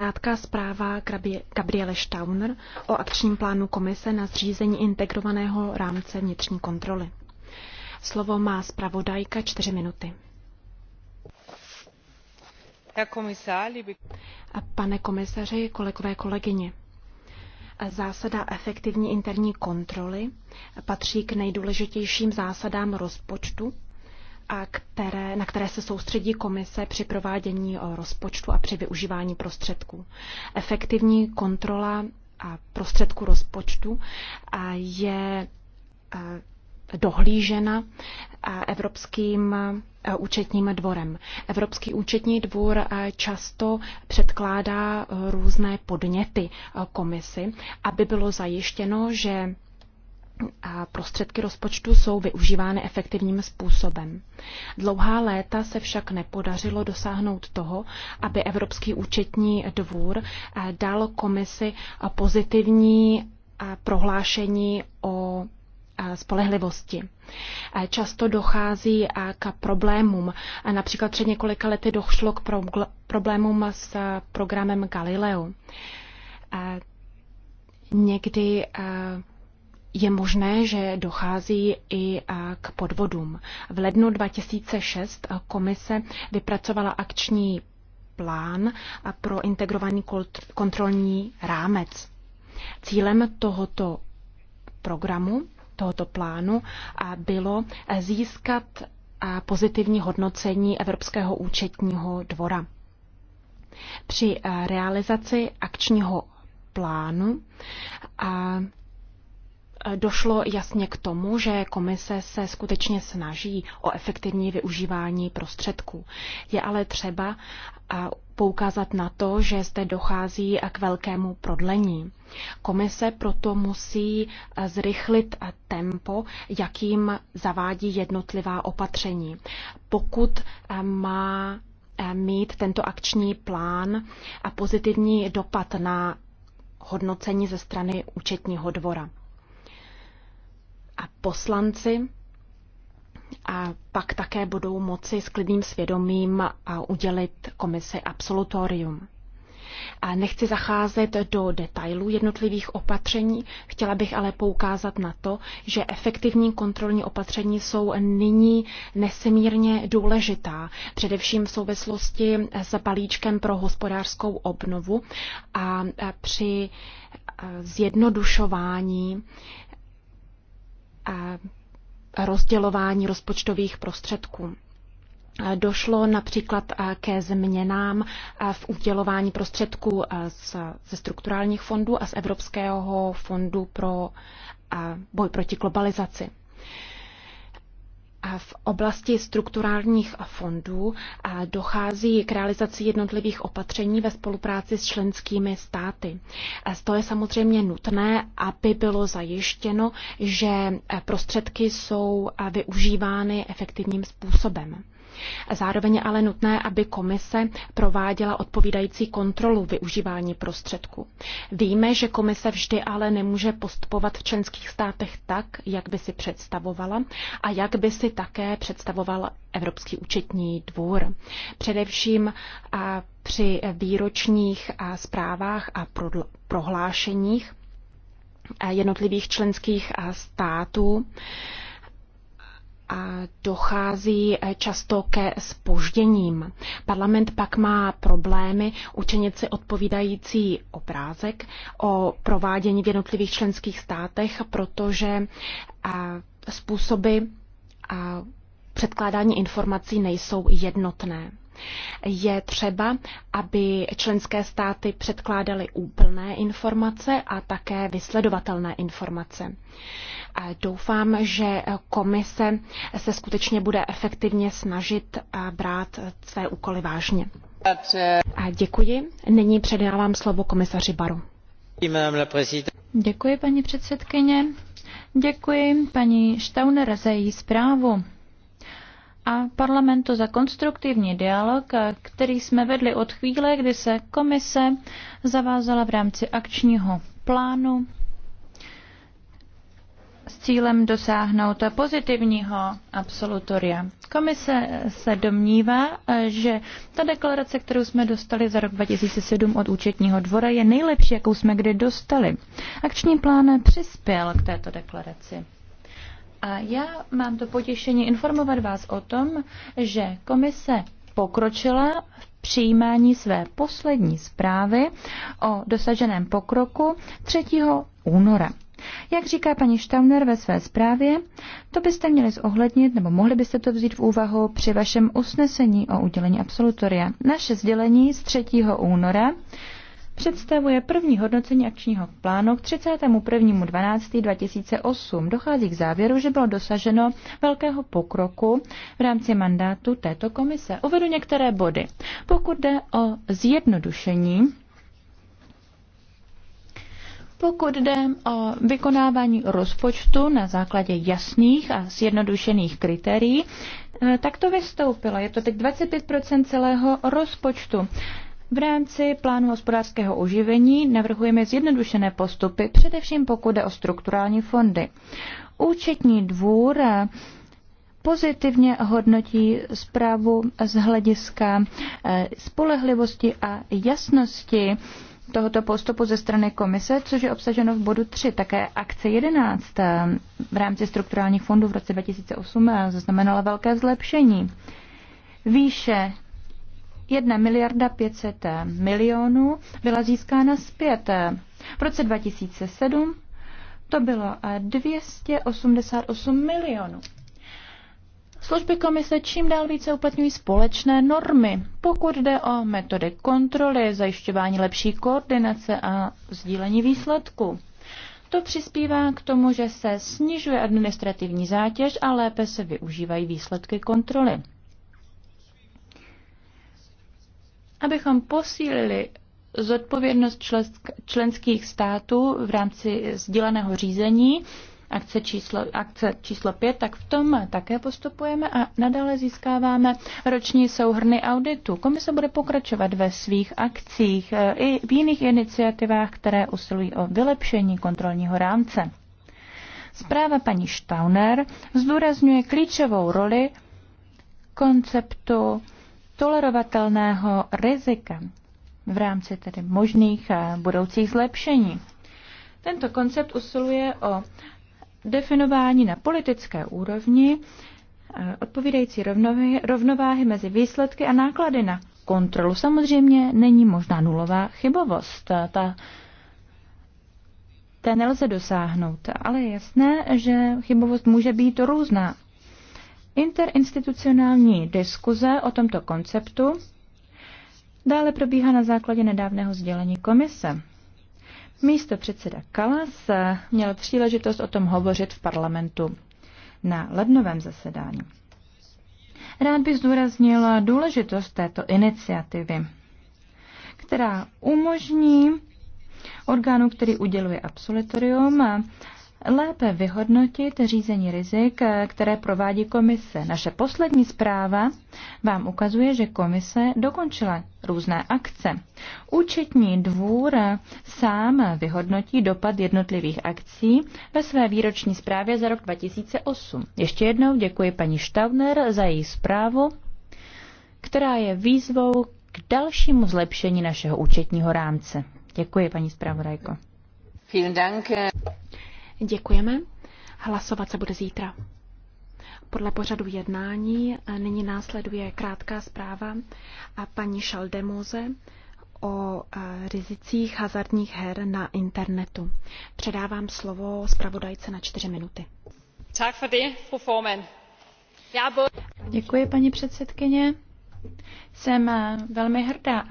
Krátká zpráva Gabriele Stauner o akčním plánu komise na zřízení integrovaného rámce vnitřní kontroly. Slovo má zpravodajka čtyři minuty. A pane komisaři, kolegové, kolegyně. Zásada efektivní interní kontroly patří k nejdůležitějším zásadám rozpočtu a které, na které se soustředí komise při provádění eh, rozpočtu a při využívání prostředků. Efektivní kontrola a prostředku rozpočtu a eh, je a eh, dohlížena Evropským účetním dvorem. Evropský účetní dvůr často předkládá různé podněty komisi, aby bylo zajištěno, že prostředky rozpočtu jsou využívány efektivním způsobem. Dlouhá léta se však nepodařilo dosáhnout toho, aby Evropský účetní dvůr eh, dal komisi eh, pozitivní eh, prohlášení o spolehlivosti. Často dochází k problémům. Například před několika lety došlo k problémům s programem Galileo. Někdy je možné, že dochází i k podvodům. V lednu 2006 komise vypracovala akční plán pro integrovaný kontrolní rámec. Cílem tohoto programu, tohoto plánu bylo získat pozitivní hodnocení Evropského účetního dvora. Při realizaci akčního plánu došlo jasně k tomu, že komise se skutečně snaží o efektivní využívání prostředků. Je ale třeba poukázat na to, že zde dochází k velkému prodlení. Komise proto musí zrychlit tempo, jakým zavádí jednotlivá opatření. Pokud má mít tento akční plán a pozitivní dopad na hodnocení ze strany účetního dvora a poslanci a pak také budou moci s klidným svědomím udělit komisi absolutorium. A nechci zacházet do detailů jednotlivých opatření, chtěla bych ale poukázat na to, že efektivní kontrolní opatření jsou nyní nesmírně důležitá, především v souvislosti s balíčkem pro hospodářskou obnovu a při zjednodušování rozdělování rozpočtových prostředků. Došlo například eh, ke změnám eh, v udělování prostředků eh, ze strukturálních fondů a z Evropského fondu pro boj proti globalizaci. V oblasti strukturálních fondů dochází k realizaci jednotlivých opatření ve spolupráci s členskými státy. To je samozřejmě nutné, aby bylo zajištěno, že prostředky jsou využívány efektivním způsobem. Zároveň ale nutné, aby komise prováděla odpovídající kontrolu využívání prostředků. Víme, že komise vždy ale nemůže postupovat v členských státech tak, jak by si představovala a jak by si také představoval Evropský účetní dvůr. Především a při výročních a zprávách a prohlášeních jednotlivých členských států dochází eh, často ke spožděním. Parlament pak má problémy učinit si odpovídající obrázek o provádění v jednotlivých členských státech, protože eh, způsoby eh, předkládání informací nejsou jednotné. Je třeba, aby členské státy předkládaly úplné informace a také vysledovatelné informace. Doufám, že komise se skutečně bude efektivně snažit brát své úkoly vážně. A děkuji. Nyní předávám slovo komisaři Baru. Děkuji, paní předsedkyně. Děkuji paní Štauner za její zprávu a parlamentu za konstruktivní dialog, který jsme vedli od chvíle, kdy se komise zavázala v rámci akčního plánu s cílem dosáhnout pozitivního absolutoria. Komise se domnívá, že ta deklarace, kterou jsme dostali za rok 2007 od účetního dvora, je nejlepší, jakou jsme kdy dostali. Akční plán přispěl k této deklaraci. A já mám to potěšení informovat vás o tom, že komise pokročila v přijímání své poslední zprávy o dosaženém pokroku 3. února. Jak říká paní Štauner ve své zprávě, to byste měli zohlednit nebo mohli byste to vzít v úvahu při vašem usnesení o udělení absolutoria. Naše sdělení z 3. února představuje první hodnocení akčního plánu k 31.12.2008. Dochází k závěru, že bylo dosaženo velkého pokroku v rámci mandátu této komise. Uvedu některé body. Pokud jde o zjednodušení, pokud jde o vykonávání rozpočtu na základě jasných a zjednodušených kritérií, eh, tak to vystoupilo. Je to teď 25 celého rozpočtu. V rámci plánu hospodářského oživení navrhujeme zjednodušené postupy, především pokud jde o strukturální fondy. Účetní dvůr pozitivně hodnotí zprávu z hlediska eh, spolehlivosti a jasnosti tohoto postupu ze strany komise, což je obsaženo v bodu 3. Také akce 11 eh, v rámci strukturálních fondů v roce 2008 eh, zaznamenala velké zlepšení. Výše 1 miliarda 500 eh, milionů byla získána zpět. Eh, v roce 2007 to bylo 288 eh, milionů. Služby komise čím dál více uplatňují společné normy, pokud jde o metody kontroly, zajišťování lepší koordinace a sdílení výsledků. To přispívá k tomu, že se snižuje administrativní zátěž a lépe se využívají výsledky kontroly. abychom posílili zodpovědnost členských států v rámci sdíleného řízení, akce číslo, akce číslo 5, tak v tom také postupujeme a nadále získáváme roční souhrny auditu. Komise bude pokračovat ve svých akcích e, i v jiných iniciativách, které usilují o vylepšení kontrolního rámce. Zpráva paní Stauner zdůrazňuje klíčovou roli konceptu tolerovatelného rizika v rámci tedy možných eh, budoucích zlepšení. Tento koncept usiluje o definování na politické úrovni eh, odpovídající rovnováhy, mezi výsledky a náklady na kontrolu. Samozřejmě není možná nulová chybovost. Ta, té nelze dosáhnout, ale je jasné, že chybovost může být různá Interinstitucionální diskuze o tomto konceptu dále probíhá na základě nedávného sdělení komise. Místo předseda Kalas měl příležitost o tom hovořit v parlamentu na lednovém zasedání. Rád bych zdůraznil důležitost této iniciativy, která umožní orgánu, který uděluje absolutorium, lépe vyhodnotit řízení rizik, eh, které provádí komise. Naše poslední zpráva vám ukazuje, že komise dokončila různé akce. Účetní dvůr eh, sám vyhodnotí dopad jednotlivých akcí ve své výroční zprávě za rok 2008. Ještě jednou děkuji paní Štavner za její zprávu, která je výzvou k dalšímu zlepšení našeho účetního rámce. Děkuji, paní zpravodajko. Vielen Dank. Děkujeme. Hlasovat se bude zítra. Podle pořadu jednání eh, nyní následuje krátká zpráva a paní Šaldemoze o eh, rizicích hazardních her na internetu. Předávám slovo zpravodajce na čtyři minuty. Er Děkuji, paní předsedkyně. Jsem eh, velmi hrdá